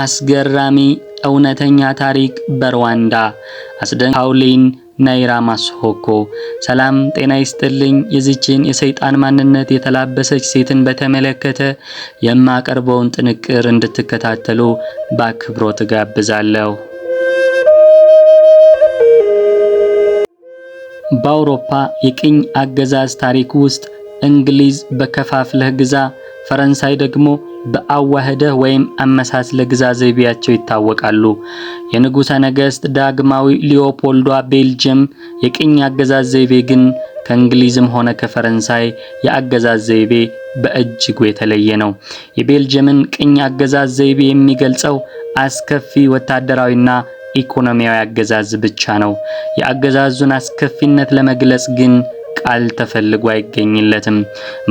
አስገራሚ እውነተኛ ታሪክ በሩዋንዳ አስደን ፓውሊን ናይራ ማስሆኮ። ሰላም ጤና ይስጥልኝ። የዚችን የሰይጣን ማንነት የተላበሰች ሴትን በተመለከተ የማቀርበውን ጥንቅር እንድትከታተሉ በአክብሮ ትጋብዛለሁ። በአውሮፓ የቅኝ አገዛዝ ታሪክ ውስጥ እንግሊዝ በከፋፍለህ ግዛ፣ ፈረንሳይ ደግሞ በአዋህደህ ወይም አመሳስለ ግዛዘቢያቸው ይታወቃሉ። የንጉሠ ነገሥት ዳግማዊ ሊዮፖልዷ ቤልጅየም የቅኝ አገዛዝ ዘይቤ ግን ከእንግሊዝም ሆነ ከፈረንሳይ የአገዛዝ ዘይቤ በእጅጉ የተለየ ነው። የቤልጅየምን ቅኝ አገዛዝ ዘይቤ የሚገልጸው አስከፊ ወታደራዊና ኢኮኖሚያዊ አገዛዝ ብቻ ነው። የአገዛዙን አስከፊነት ለመግለጽ ግን ቃል ተፈልጎ አይገኝለትም።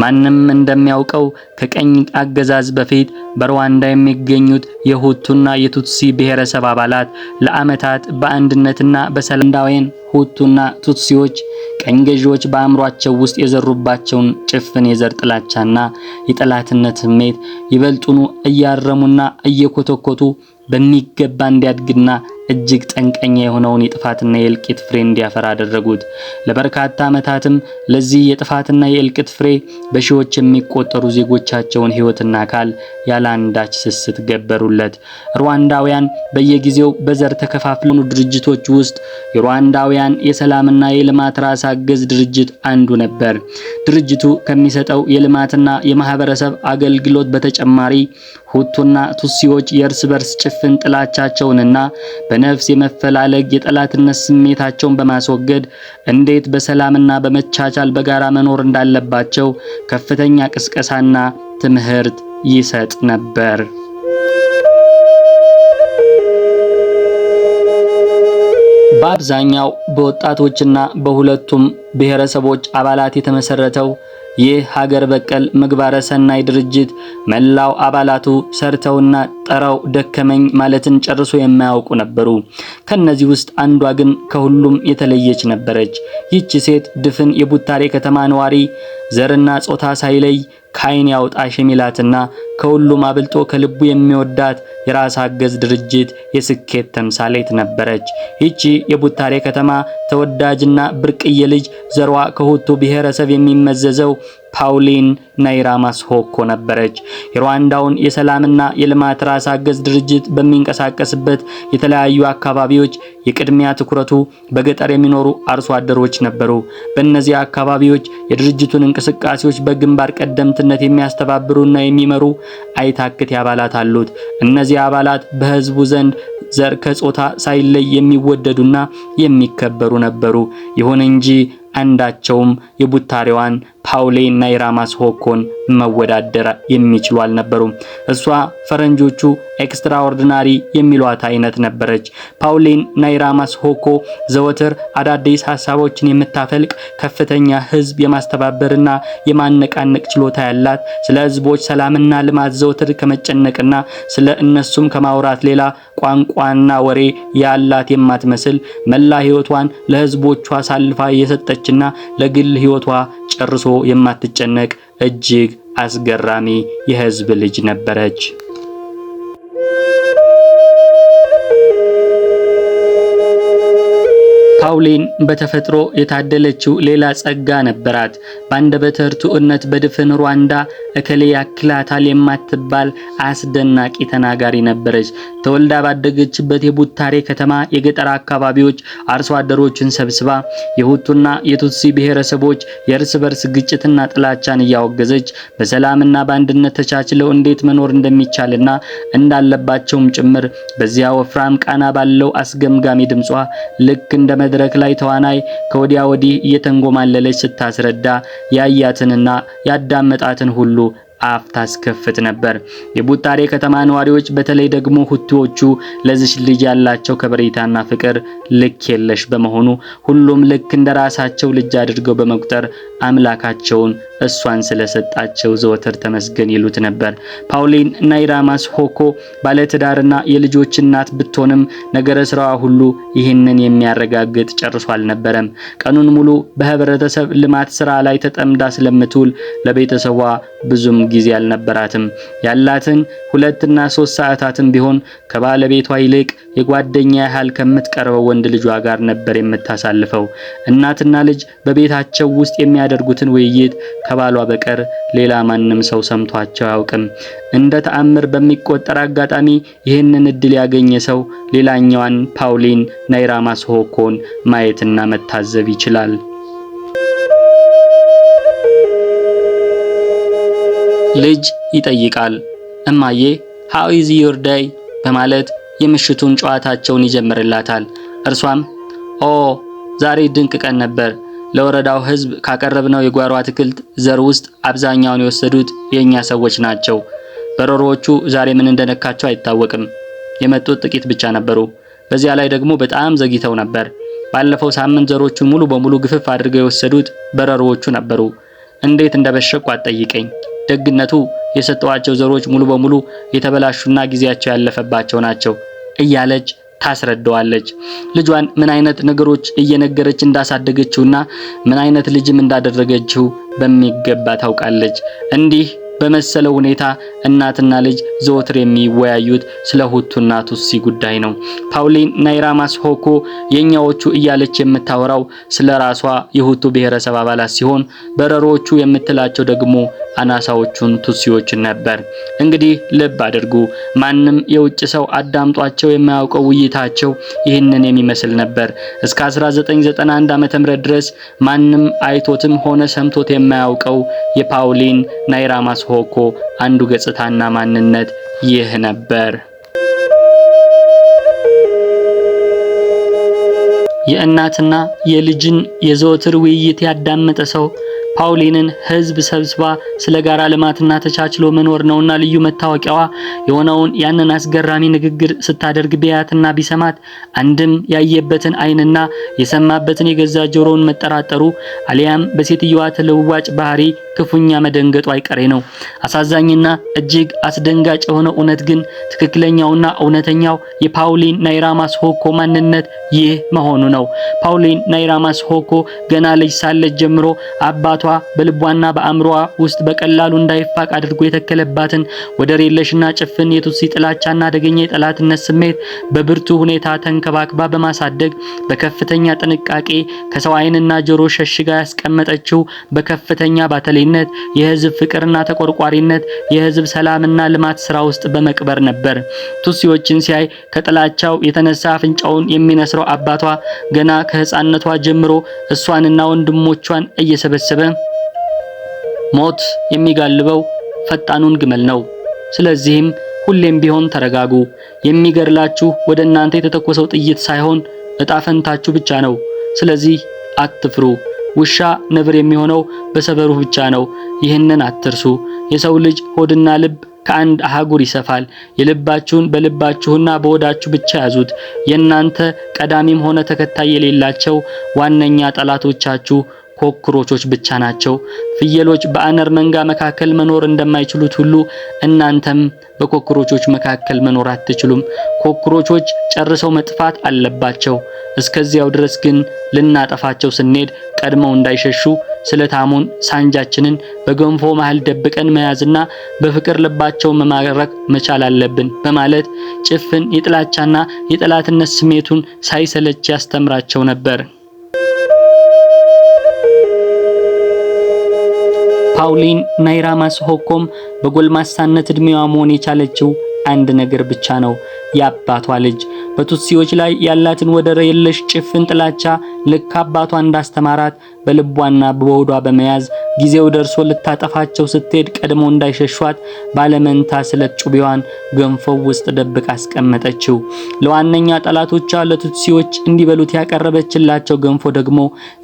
ማንም እንደሚያውቀው ከቀኝ አገዛዝ በፊት በሩዋንዳ የሚገኙት የሁቱና የቱትሲ ብሔረሰብ አባላት ለዓመታት በአንድነትና በሰላምዳዊን ሁቱና ቱትሲዎች ቀኝ ገዢዎች በአእምሯቸው ውስጥ የዘሩባቸውን ጭፍን የዘር ጥላቻና የጠላትነት ስሜት ይበልጡኑ እያረሙና እየኮተኮቱ በሚገባ እንዲያድግና እጅግ ጠንቀኛ የሆነውን የጥፋትና የእልቂት ፍሬ እንዲያፈራ አደረጉት። ለበርካታ ዓመታትም ለዚህ የጥፋትና የእልቂት ፍሬ በሺዎች የሚቆጠሩ ዜጎቻቸውን ሕይወትና አካል ያለ አንዳች ስስት ገበሩለት። ሩዋንዳውያን በየጊዜው በዘር ተከፋፍለው ድርጅቶች ውስጥ የሩዋንዳውያን የሰላምና የልማት ራስ አገዝ ድርጅት አንዱ ነበር። ድርጅቱ ከሚሰጠው የልማትና የማህበረሰብ አገልግሎት በተጨማሪ ሁቱና ቱሲዎች የእርስ በርስ ጭፍን ጥላቻቸውንና በ በነፍስ የመፈላለግ የጠላትነት ስሜታቸውን በማስወገድ እንዴት በሰላምና በመቻቻል በጋራ መኖር እንዳለባቸው ከፍተኛ ቅስቀሳና ትምህርት ይሰጥ ነበር። በአብዛኛው በወጣቶችና በሁለቱም ብሔረሰቦች አባላት የተመሰረተው ይህ ሀገር በቀል ምግባረ ሰናይ ድርጅት መላው አባላቱ ሰርተውና ጠራው ደከመኝ ማለትን ጨርሶ የማያውቁ ነበሩ። ከነዚህ ውስጥ አንዷ ግን ከሁሉም የተለየች ነበረች። ይህች ሴት ድፍን የቡታሬ ከተማ ነዋሪ ዘርና ጾታ ሳይለይ ከአይን ያውጣሽ የሚላትና ከሁሉም አብልጦ ከልቡ የሚወዳት የራስ አገዝ ድርጅት የስኬት ተምሳሌት ነበረች። ይቺ የቡታሬ ከተማ ተወዳጅና ብርቅዬ ልጅ ዘሯ ከሁቱ ብሔረሰብ የሚመዘዘው ፓውሊን ናይራማስሆኮ ነበረች። የሩዋንዳውን የሰላምና የልማት ራስ አገዝ ድርጅት በሚንቀሳቀስበት የተለያዩ አካባቢዎች የቅድሚያ ትኩረቱ በገጠር የሚኖሩ አርሶ አደሮች ነበሩ። በእነዚህ አካባቢዎች የድርጅቱን እንቅስቃሴዎች በግንባር ቀደምትነት የሚያስተባብሩና የሚመሩ አይታክቴ አባላት አሉት። እነዚህ አባላት በህዝቡ ዘንድ ዘር ከጾታ ሳይለይ የሚወደዱና የሚከበሩ ነበሩ። ይሁን እንጂ አንዳቸውም የቡታሬዋን ፓውሌ እና የራማስ ሆኮን መወዳደር የሚችሉ አልነበሩም። እሷ ፈረንጆቹ ኤክስትራኦርዲናሪ የሚሏት አይነት ነበረች። ፓውሌን ናይራማስ ሆኮ ዘወትር አዳዲስ ሀሳቦችን የምታፈልቅ ከፍተኛ ህዝብ የማስተባበርና የማነቃነቅ ችሎታ ያላት፣ ስለ ህዝቦች ሰላምና ልማት ዘወትር ከመጨነቅና ስለ እነሱም ከማውራት ሌላ ቋንቋና ወሬ ያላት የማትመስል መላ ህይወቷን ለህዝቦቿ አሳልፋ የሰጠችና ለግል ህይወቷ ጨርሶ የማትጨነቅ እጅግ አስገራሚ የህዝብ ልጅ ነበረች። ፓውሊን በተፈጥሮ የታደለችው ሌላ ጸጋ ነበራት። በአንደበተ ርቱዕነት በድፍን ሩዋንዳ እከሌ ያክላታል የማትባል አስደናቂ ተናጋሪ ነበረች። ተወልዳ ባደገችበት የቡታሬ ከተማ የገጠር አካባቢዎች አርሶ አደሮችን ሰብስባ የሁቱና የቱትሲ ብሔረሰቦች የእርስ በርስ ግጭትና ጥላቻን እያወገዘች በሰላምና በአንድነት ተቻችለው እንዴት መኖር እንደሚቻልና እንዳለባቸውም ጭምር በዚያ ወፍራም ቃና ባለው አስገምጋሚ ድምጿ ልክ እንደ መድረክ ላይ ተዋናይ ከወዲያ ወዲህ እየተንጎማለለች ስታስረዳ ያያትንና ያዳመጣትን ሁሉ አፍ ታስከፍት ነበር። የቡታሬ ከተማ ነዋሪዎች በተለይ ደግሞ ሁቲዎቹ ለዚች ልጅ ያላቸው ከበሬታና ፍቅር ልክ የለሽ በመሆኑ ሁሉም ልክ እንደ ራሳቸው ልጅ አድርገው በመቁጠር አምላካቸውን እሷን ስለሰጣቸው ዘወትር ተመስገን ይሉት ነበር። ፓውሊን ናይራማስ ሆኮ ባለትዳርና የልጆች እናት ብትሆንም ነገረ ስራዋ ሁሉ ይህንን የሚያረጋግጥ ጨርሶ አልነበረም። ቀኑን ሙሉ በህብረተሰብ ልማት ስራ ላይ ተጠምዳ ስለምትውል ለቤተሰቧ ብዙም ጊዜ አልነበራትም። ያላትን ሁለትና ሶስት ሰዓታትም ቢሆን ከባለቤቷ ይልቅ የጓደኛ ያህል ከምትቀርበው ወንድ ልጇ ጋር ነበር የምታሳልፈው። እናትና ልጅ በቤታቸው ውስጥ የሚያደርጉትን ውይይት ከባሏ በቀር ሌላ ማንም ሰው ሰምቷቸው አያውቅም። እንደ ተአምር በሚቆጠር አጋጣሚ ይህንን እድል ያገኘ ሰው ሌላኛዋን ፓውሊን ሶሆኮን ማየትና መታዘብ ይችላል። ልጅ ይጠይቃል። እማዬ ሃው ኢዝ ዮር ዴይ በማለት የምሽቱን ጨዋታቸውን ይጀምርላታል። እርሷም ኦ ዛሬ ድንቅ ቀን ነበር። ለወረዳው ሕዝብ ካቀረብነው የጓሮ አትክልት ዘር ውስጥ አብዛኛውን የወሰዱት የኛ ሰዎች ናቸው። በረሮዎቹ ዛሬ ምን እንደነካቸው አይታወቅም። የመጡት ጥቂት ብቻ ነበሩ። በዚያ ላይ ደግሞ በጣም ዘግይተው ነበር። ባለፈው ሳምንት ዘሮቹን ሙሉ በሙሉ ግፍፍ አድርገው የወሰዱት በረሮዎቹ ነበሩ። እንዴት እንደበሸቁ አትጠይቀኝ። ደግነቱ የሰጠዋቸው ዘሮች ሙሉ በሙሉ የተበላሹና ጊዜያቸው ያለፈባቸው ናቸው እያለች ታስረዳዋለች። ልጇን ምን አይነት ነገሮች እየነገረች እንዳሳደገችውና ምን አይነት ልጅም እንዳደረገችው በሚገባ ታውቃለች። እንዲህ በመሰለው ሁኔታ እናትና ልጅ ዘወትር የሚወያዩት ስለ ሁቱና ቱሲ ጉዳይ ነው። ፓውሊን ናይራማስ ሆኮ የኛዎቹ እያለች የምታወራው ስለ ራሷ የሁቱ ብሔረሰብ አባላት ሲሆን በረሮቹ የምትላቸው ደግሞ አናሳዎቹን ቱሲዎችን ነበር። እንግዲህ ልብ አድርጉ፣ ማንም የውጭ ሰው አዳምጧቸው የማያውቀው ውይይታቸው ይህንን የሚመስል ነበር። እስከ 1991 ዓ.ም ድረስ ማንም አይቶትም ሆነ ሰምቶት የማያውቀው የፓውሊን ናይራማስ ሆኮ አንዱ ገጽታና ማንነት ይህ ነበር። የእናትና የልጅን የዘወትር ውይይት ያዳመጠ ሰው ፓውሊንን ህዝብ ሰብስባ ስለ ጋራ ልማትና ተቻችሎ መኖር ነውና ልዩ መታወቂያዋ የሆነውን ያንን አስገራሚ ንግግር ስታደርግ ቢያትና ቢሰማት አንድም ያየበትን አይንና የሰማበትን የገዛ ጆሮውን መጠራጠሩ አሊያም በሴትየዋ ተለዋጭ ባህሪ ክፉኛ መደንገጡ አይቀሬ ነው። አሳዛኝና እጅግ አስደንጋጭ የሆነው እውነት ግን ትክክለኛውና እውነተኛው የፓውሊን ናይራማስ ሆኮ ማንነት ይህ መሆኑ ነው። ፓውሊን ናይራማስ ሆኮ ገና ልጅ ሳለች ጀምሮ አባቷ በልቧና በአእምሮዋ ውስጥ በቀላሉ እንዳይፋቅ አድርጎ የተከለባትን ወደር የለሽና ጭፍን የቱሲ ጥላቻና አደገኛ የጠላትነት ስሜት በብርቱ ሁኔታ ተንከባክባ በማሳደግ በከፍተኛ ጥንቃቄ ከሰው ዓይንና ጆሮ ሸሽጋ ያስቀመጠችው በከፍተኛ ባተሌነት የህዝብ ፍቅርና ተቆርቋሪነት የህዝብ ሰላምና ልማት ስራ ውስጥ በመቅበር ነበር። ቱሲዎችን ሲያይ ከጥላቻው የተነሳ አፍንጫውን የሚነስረው አባቷ ገና ከህፃነቷ ጀምሮ እሷንና ወንድሞቿን እየሰበሰበ ሞት የሚጋልበው ፈጣኑን ግመል ነው። ስለዚህም ሁሌም ቢሆን ተረጋጉ። የሚገድላችሁ ወደ እናንተ የተተኮሰው ጥይት ሳይሆን እጣፈንታችሁ ብቻ ነው። ስለዚህ አትፍሩ። ውሻ ነብር የሚሆነው በሰበሩ ብቻ ነው። ይህንን አትርሱ። የሰው ልጅ ሆድና ልብ ከአንድ አህጉር ይሰፋል። የልባችሁን በልባችሁና በወዳችሁ ብቻ ያዙት። የእናንተ ቀዳሚም ሆነ ተከታይ የሌላቸው ዋነኛ ጠላቶቻችሁ ኮክሮቾች ብቻ ናቸው። ፍየሎች በአነር መንጋ መካከል መኖር እንደማይችሉት ሁሉ እናንተም በኮክሮቾች መካከል መኖር አትችሉም። ኮክሮቾች ጨርሰው መጥፋት አለባቸው። እስከዚያው ድረስ ግን ልናጠፋቸው ስንሄድ ቀድመው እንዳይሸሹ ስለታሙን ሳንጃችንን በገንፎ መሃል ደብቀን መያዝና በፍቅር ልባቸው መማረክ መቻል አለብን በማለት ጭፍን የጥላቻና የጠላትነት ስሜቱን ሳይሰለች ያስተምራቸው ነበር። ፓውሊን ናይራማ ስሆኮም በጎልማሳነት እድሜዋ መሆን የቻለችው አንድ ነገር ብቻ ነው፣ የአባቷ ልጅ። በቱሲዎች ላይ ያላትን ወደር የለሽ ጭፍን ጥላቻ ልክ አባቷ እንዳስተማራት በልቧና በወዷ በመያዝ ጊዜው ደርሶ ልታጠፋቸው ስትሄድ ቀድሞ እንዳይሸሿት ባለመንታ ስለት ጩቤዋን ገንፎው ውስጥ ደብቅ አስቀመጠችው። ለዋነኛ ጠላቶቿ ለቱትሲዎች እንዲበሉት ያቀረበችላቸው ገንፎ ደግሞ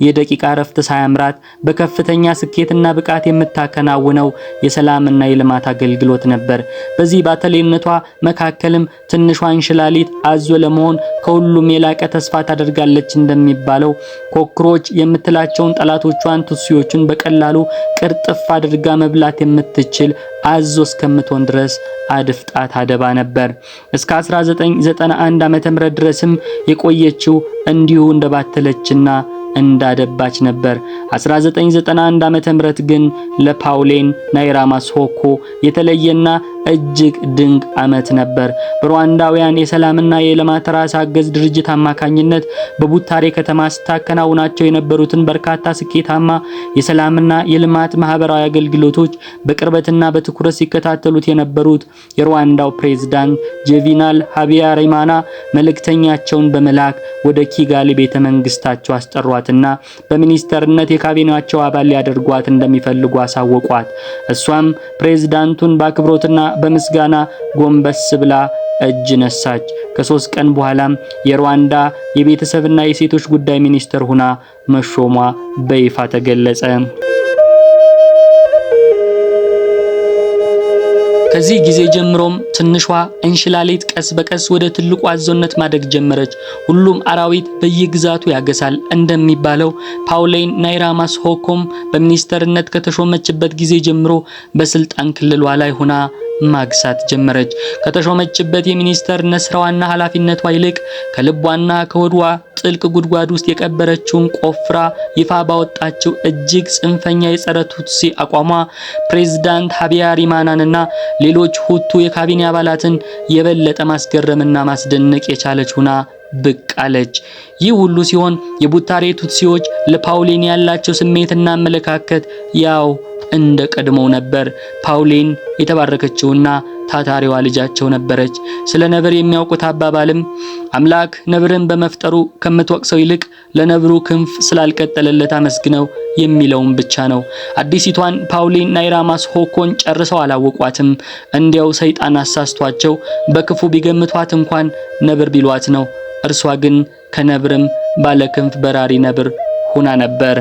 የደቂቃ ረፍት ሳያምራት በከፍተኛ ስኬትና ብቃት የምታከናውነው የሰላምና የልማት አገልግሎት ነበር። በዚህ ባተሌነቷ መካከልም ትንሿን ሽላሊት አዞ ለመሆን ከሁሉም የላቀ ተስፋ ታደርጋለች እንደሚባለው ኮክሮች የምትላቸውን ጠላቶቿን ቱትሲዎቹን በቀላሉ ቅርጥፍ አድርጋ መብላት የምትችል አዞ እስከምትሆን ድረስ አድፍጣ ታደባ ነበር። እስከ 1991 ዓ.ም ድረስም የቆየችው እንዲሁ እንደባተለችና እንዳደባች ነበር። 1991 ዓመተ ምህረት ግን ለፓውሌን ናይራማስ ሆኮ የተለየና እጅግ ድንቅ ዓመት ነበር። በሩዋንዳውያን የሰላምና የልማት ራስ አገዝ ድርጅት አማካኝነት በቡታሬ ከተማ ስታከናውናቸው የነበሩትን በርካታ ስኬታማ የሰላምና የልማት ማህበራዊ አገልግሎቶች በቅርበትና በትኩረት ሲከታተሉት የነበሩት የሩዋንዳው ፕሬዝዳንት ጄቪናል ሀቢያሪማና መልእክተኛቸውን በመላክ ወደ ኪጋሊ ቤተ መንግስታቸው አስጠሯል። አመጧትና በሚኒስተርነት የካቢኔያቸው አባል ሊያደርጓት እንደሚፈልጉ አሳወቋት። እሷም ፕሬዝዳንቱን በአክብሮትና በምስጋና ጎንበስ ብላ እጅ ነሳች። ከሶስት ቀን በኋላም የሩዋንዳ የቤተሰብና የሴቶች ጉዳይ ሚኒስትር ሁና መሾሟ በይፋ ተገለጸ። ከዚህ ጊዜ ጀምሮም ትንሿ እንሽላሊት ቀስ በቀስ ወደ ትልቁ አዞነት ማደግ ጀመረች። ሁሉም አራዊት በየግዛቱ ያገሳል እንደሚባለው ፓውሌን ናይራማስ ሆኮም በሚኒስተርነት ከተሾመችበት ጊዜ ጀምሮ በስልጣን ክልሏ ላይ ሆና ማግሳት ጀመረች። ከተሾመችበት የሚኒስተርነት ስራዋና ኃላፊነቷ ይልቅ ከልቧና ከወዷ ጥልቅ ጉድጓድ ውስጥ የቀበረችውን ቆፍራ ይፋ ባወጣችው እጅግ ጽንፈኛ የጸረ ቱትሲ አቋሟ ፕሬዝዳንት ሀቢያሪማናንና ሌሎች ሁቱ የካቢኔ አባላትን የበለጠ ማስገረምና ማስደነቅ የቻለች ሁና ብቅ አለች። ይህ ሁሉ ሲሆን የቡታሬ ቱትሲዎች ለፓውሊን ያላቸው ስሜትና አመለካከት ያው እንደ ቀድሞው ነበር። ፓውሊን የተባረከችውና ታታሪዋ ልጃቸው ነበረች። ስለ ነብር የሚያውቁት አባባልም አምላክ ነብርን በመፍጠሩ ከምትወቅሰው ይልቅ ለነብሩ ክንፍ ስላልቀጠለለት አመስግነው የሚለውም ብቻ ነው። አዲሲቷን ፓውሊን ናይራማስ ሆኮን ጨርሰው አላወቋትም። እንዲያው ሰይጣን አሳስቷቸው በክፉ ቢገምቷት እንኳን ነብር ቢሏት ነው። እርሷ ግን ከነብርም ባለክንፍ በራሪ ነብር ሆና ነበር።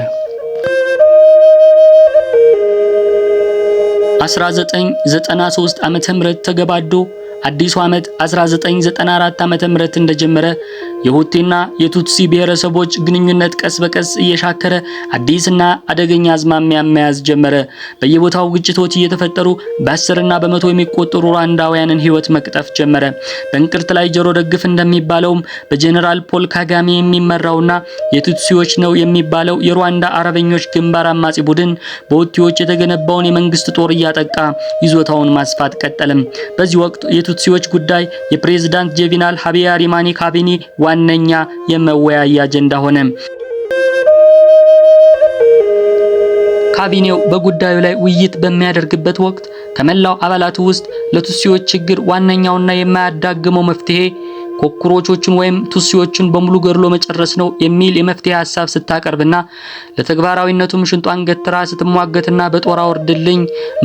1993 ዓ.ም ተገባዶ አዲሱ ዓመት 1994 ዓ.ም እንደጀመረ የሁቲና የቱትሲ ብሔረሰቦች ግንኙነት ቀስ በቀስ እየሻከረ አዲስና አደገኛ አዝማሚያ መያዝ ጀመረ። በየቦታው ግጭቶች እየተፈጠሩ በአስርና በመቶ የሚቆጠሩ ሩዋንዳውያንን ሕይወት መቅጠፍ ጀመረ። በእንቅርት ላይ ጆሮ ደግፍ እንደሚባለውም በጀኔራል ፖል ካጋሜ የሚመራውና የቱትሲዎች ነው የሚባለው የሩዋንዳ አረበኞች ግንባር አማጺ ቡድን በሁቴዎች የተገነባውን የመንግስት ጦር እያጠቃ ይዞታውን ማስፋት ቀጠለም። በዚህ ወቅት የቱትሲዎች ጉዳይ የፕሬዝዳንት ጄቪናል ሀቢያሪማኒ ካቢኔ ዋነኛ የመወያያ አጀንዳ ሆነ። ካቢኔው በጉዳዩ ላይ ውይይት በሚያደርግበት ወቅት ከመላው አባላት ውስጥ ለቱሲዎች ችግር ዋነኛውና የማያዳግመው መፍትሄ ኮኩሮቾቹን ወይም ቱሲዎቹን በሙሉ ገድሎ መጨረስ ነው የሚል የመፍትሄ ሀሳብ ስታቀርብና ለተግባራዊነቱም ሽንጧን ገትራ ስትሟገትና በጦር አውርድልኝ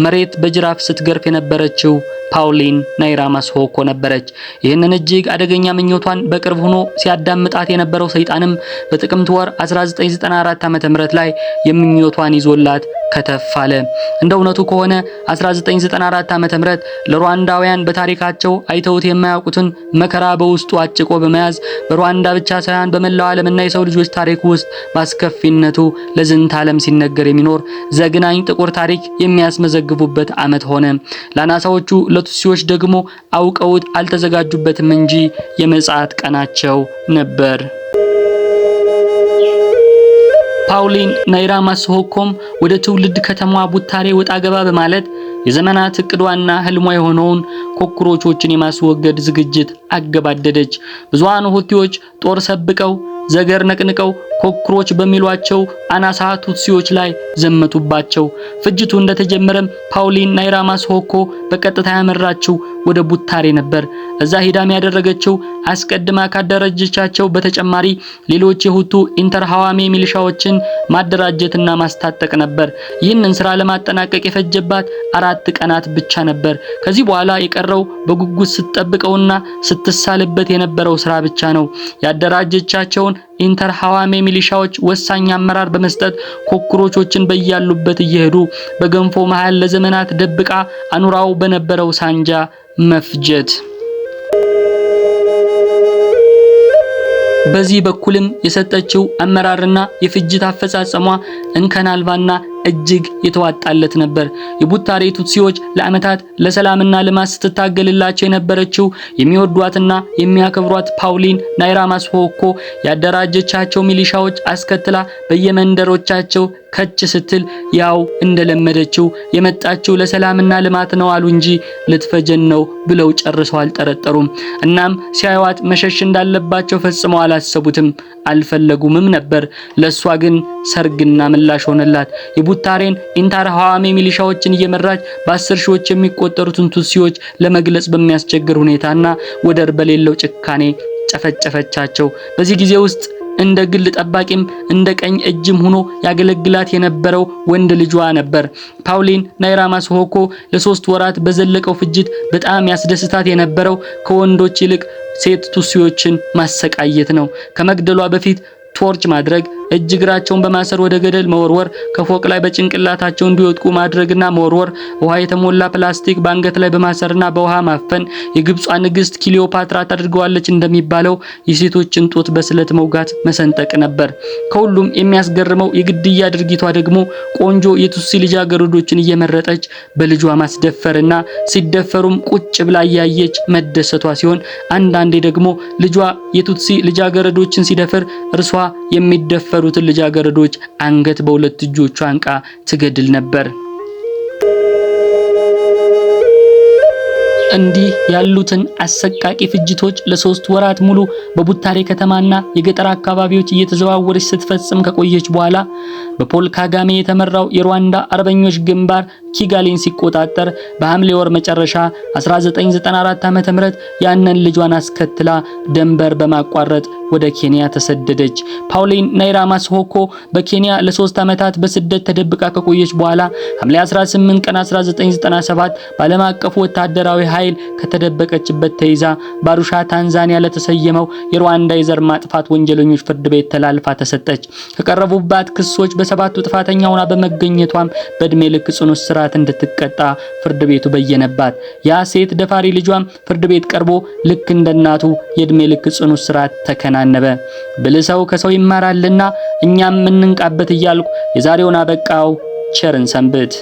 መሬት በጅራፍ ስትገርፍ የነበረችው ፓውሊን ናይራማስሆኮ ነበረች። ይህንን እጅግ አደገኛ ምኞቷን በቅርብ ሆኖ ሲያዳምጣት የነበረው ሰይጣንም በጥቅምት ወር 1994 ዓ.ም ላይ የምኞቷን ይዞላት ከተፍ አለ። እንደ እውነቱ ከሆነ 1994 ዓ.ም ምህረት ለሩዋንዳውያን በታሪካቸው አይተውት የማያውቁትን መከራ በውስጡ አጭቆ በመያዝ በሩዋንዳ ብቻ ሳይሆን በመላው ዓለምና የሰው ልጆች ታሪክ ውስጥ በአስከፊነቱ ለዝንት ዓለም ሲነገር የሚኖር ዘግናኝ ጥቁር ታሪክ የሚያስመዘግቡበት ዓመት ሆነ። ለአናሳዎቹ የሞቱለት ሲዎች ደግሞ አውቀውት አልተዘጋጁበትም እንጂ የመጻት ቀናቸው ነበር። ፓውሊን ናይራ ማስሆኮም ወደ ትውልድ ከተማዋ ቡታሬ ወጣ ገባ በማለት የዘመናት እቅዷና ህልሟ የሆነውን ኮክሮቾችን የማስወገድ ዝግጅት አገባደደች። ብዙሃን ሁቲዎች ጦር ሰብቀው ዘገር ነቅንቀው ኮክሮች በሚሏቸው አናሳ ቱትሲዎች ላይ ዘመቱባቸው። ፍጅቱ እንደተጀመረም ፓውሊን ናይራማስ ሆኮ በቀጥታ ያመራችው ወደ ቡታሬ ነበር። እዛ ሂዳም ያደረገችው አስቀድማ ካደረጀቻቸው በተጨማሪ ሌሎች የሁቱ ኢንተርሃዋሜ ሚሊሻዎችን ማደራጀትና ማስታጠቅ ነበር። ይህንን ስራ ለማጠናቀቅ የፈጀባት አራት ቀናት ብቻ ነበር። ከዚህ በኋላ የቀረው በጉጉት ስትጠብቀውና ስትሳልበት የነበረው ስራ ብቻ ነው። ያደራጀቻቸውን ኢንተር ሐዋሜ ሚሊሻዎች ወሳኝ አመራር በመስጠት ኮክሮቾችን በያሉበት እየሄዱ በገንፎ መሃል ለዘመናት ደብቃ አኑራው በነበረው ሳንጃ መፍጀት በዚህ በኩልም የሰጠችው አመራርና የፍጅት አፈጻጸሟ እንከን አልባና እጅግ የተዋጣለት ነበር። የቡታሬ ቱትሲዎች ለዓመታት ለሰላምና ልማት ስትታገልላቸው የነበረችው የሚወዷትና የሚያከብሯት ፓውሊን ናይራ ያደራጀቻቸው ሚሊሻዎች አስከትላ በየመንደሮቻቸው ከች ስትል ያው እንደለመደችው የመጣችው ለሰላምና ልማት ነው አሉ እንጂ ልትፈጀን ነው ብለው ጨርሰው አልጠረጠሩም። እናም ሲያዩዋት መሸሽ እንዳለባቸው ፈጽመው አላሰቡትም፣ አልፈለጉምም ነበር። ለሷ ግን ሰርግና ምላሽ ሆነላት። የቡታሬን ኢንታር ሐዋሜ ሚሊሻዎችን እየመራች በአስር ሺዎች የሚቆጠሩትን ቱሲዎች ለመግለጽ በሚያስቸግር ሁኔታና ወደር በሌለው ጭካኔ ጨፈጨፈቻቸው። በዚህ ጊዜ ውስጥ እንደ ግል ጠባቂም እንደ ቀኝ እጅም ሆኖ ያገለግላት የነበረው ወንድ ልጇ ነበር። ፓውሊን ናይራ ማስሆኮ ለሶስት ወራት በዘለቀው ፍጅት በጣም ያስደስታት የነበረው ከወንዶች ይልቅ ሴት ቱሲዎችን ማሰቃየት ነው። ከመግደሏ በፊት ቶርች ማድረግ እጅ እግራቸውን በማሰር ወደ ገደል መወርወር፣ ከፎቅ ላይ በጭንቅላታቸው እንዲወጥቁ ማድረግና መወርወር፣ ውሃ የተሞላ ፕላስቲክ በአንገት ላይ በማሰርና በውሃ ማፈን የግብጿ ንግስት ክሊዮፓትራ ታድርገዋለች እንደሚባለው የሴቶችን ጡት በስለት መውጋት፣ መሰንጠቅ ነበር። ከሁሉም የሚያስገርመው የግድያ ድርጊቷ ደግሞ ቆንጆ የቱሲ ልጃገረዶችን እየመረጠች በልጇ ማስደፈርና ሲደፈሩም ቁጭ ብላ እያየች መደሰቷ ሲሆን አንዳንዴ ደግሞ ልጇ የቱሲ ልጃገረዶችን ሲደፍር እርሷ የሚደፈር የደፈሩትን ልጃገረዶች አንገት በሁለት እጆቿ አንቃ ትገድል ነበር። እንዲህ ያሉትን አሰቃቂ ፍጅቶች ለሶስት ወራት ሙሉ በቡታሬ ከተማና የገጠር አካባቢዎች እየተዘዋወረች ስትፈጽም ከቆየች በኋላ በፖል ካጋሜ የተመራው የሩዋንዳ አርበኞች ግንባር ኪጋሊን ሲቆጣጠር በሐምሌ ወር መጨረሻ 1994 ዓ.ም ያንን ልጇን አስከትላ ደንበር በማቋረጥ ወደ ኬንያ ተሰደደች። ፓውሊን ናይራማ ሶኮ በኬንያ ለሶስት ዓመታት በስደት ተደብቃ ከቆየች በኋላ ሐምሌ 18 ቀን 1997 በዓለም አቀፉ ወታደራዊ ኃይል ከተደበቀችበት ተይዛ ባሩሻ ታንዛኒያ ለተሰየመው የሩዋንዳ የዘር ማጥፋት ወንጀለኞች ፍርድ ቤት ተላልፋ ተሰጠች። ከቀረቡባት ክሶች በሰባቱ ጥፋተኛ ሆና በመገኘቷም በእድሜ ልክ ጽኑ እስራት እንድትቀጣ ፍርድ ቤቱ በየነባት። ያ ሴት ደፋሪ ልጇም ፍርድ ቤት ቀርቦ ልክ እንደናቱ የእድሜ ልክ ጽኑ እስራት ተከናነበ። ብልህ ሰው ከሰው ይማራልና እኛም እንንቃበት እያልኩ የዛሬውን አበቃው። ቸርን ሰንብት።